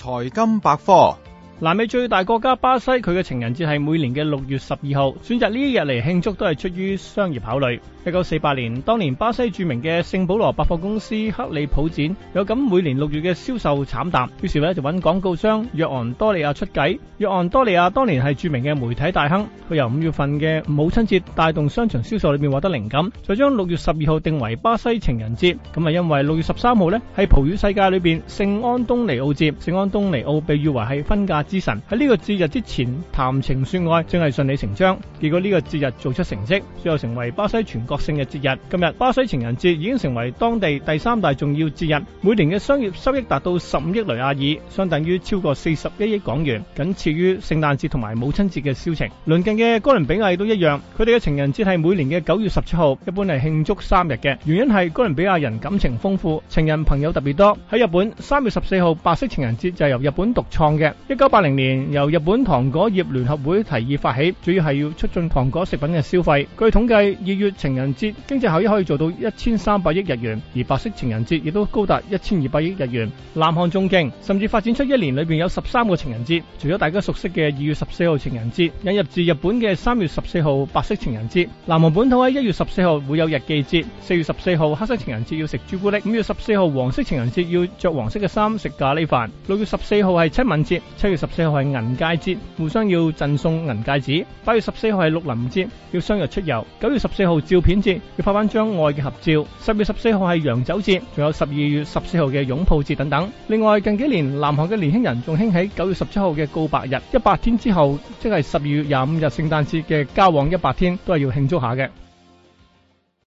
財金百科。南美最大國家巴西，佢嘅情人節係每年嘅六月十二號。選擇呢一日嚟慶祝都係出於商業考慮。一九四八年，當年巴西著名嘅聖保羅百貨公司克里普展有感每年六月嘅銷售慘淡，於是咧就揾廣告商若昂多利亞出計。若昂多利亞當年係著名嘅媒體大亨，佢由五月份嘅母親節帶動商場銷售裏面獲得靈感，再將六月十二號定為巴西情人節。咁啊，因為六月十三號呢，係葡語世界裏邊聖安東尼奧節，聖安東尼奧被譽為係婚嫁之神喺呢個節日之前談情說愛正係順理成章，結果呢個節日做出成績，最後成為巴西全國性嘅節日。今日巴西情人節已經成為當地第三大重要節日，每年嘅商業收益達到十五億雷亞爾，相當於超過四十一億港元，僅次於聖誕節同埋母親節嘅銷情。鄰近嘅哥倫比亞都一樣，佢哋嘅情人節係每年嘅九月十七號，一般係慶祝三日嘅。原因係哥倫比亞人感情豐富，情人朋友特別多。喺日本，三月十四號白色情人節就係由日本獨創嘅，一九八。八零年由日本糖果業聯合會提議發起，主要係要促進糖果食品嘅消費。據統計，二月情人節經濟效益可以做到一千三百億日元，而白色情人節亦都高達一千二百億日元。南韓仲勁，甚至發展出一年裏邊有十三個情人節。除咗大家熟悉嘅二月十四號情人節，引入自日本嘅三月十四號白色情人節。南韓本土喺一月十四號會有日記節，四月十四號黑色情人節要食朱古力，五月十四號黃色情人節要着黃色嘅衫食咖喱飯，六月十四號係親吻節，七月十四號係銀戒節，互相要贈送銀戒指；八月十四號係綠林節，要相約出遊；九月十四號照片節，要拍翻張愛嘅合照；十月十四號係洋酒節，仲有十二月十四號嘅擁抱節等等。另外，近幾年南韓嘅年輕人仲興起九月十七號嘅告白日，一百天之後，即係十二月廿五日聖誕節嘅交往一百天，都係要慶祝下嘅。